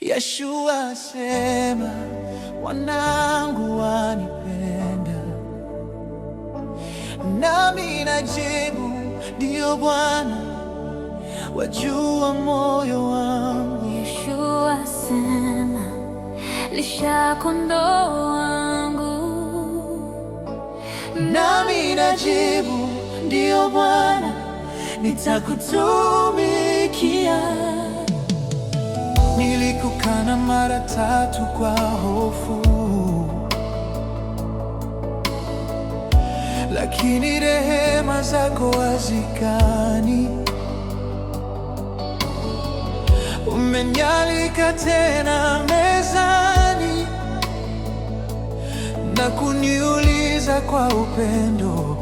Yeshua sema wanangu wanipenda, nami najibu ndiyo Bwana, wajua moyo wangu. Yeshua sema, lisha kondoo wangu, nami najibu ndiyo Bwana, nitakutumikia nilikukana mara tatu kwa hofu, lakini rehema zako hazikani. Umenialika tena mezani na kuniuliza kwa upendo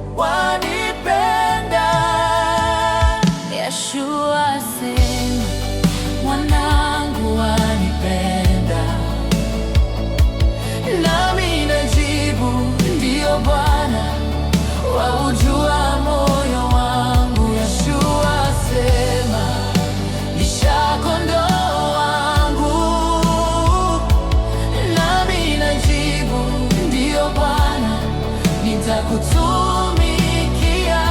kutumikia.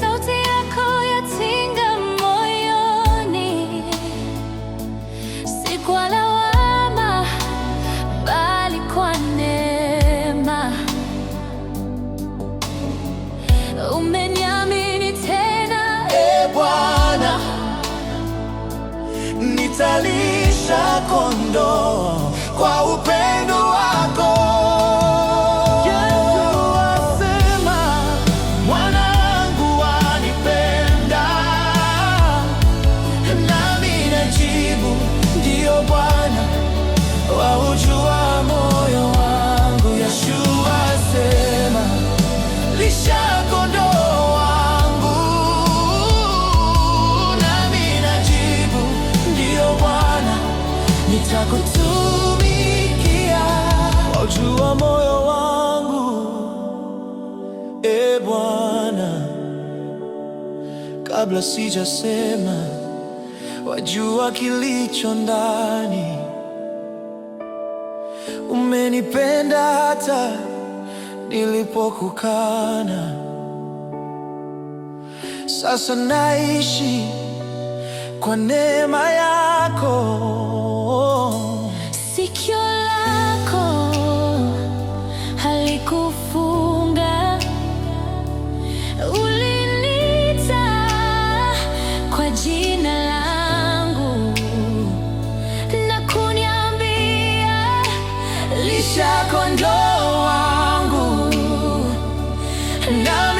Sauti yako yatinga moyoni, si kwa lawama, bali kwa neema. Umeniamini tena, E Bwana, nitalisha kondoo kwa kutumikia, wajua moyo wangu, e Bwana, kabla sijasema, wajua kilicho ndani. Umenipenda hata nilipokukana. Sasa naishi kwa neema yako. Lisha kondoo wangu na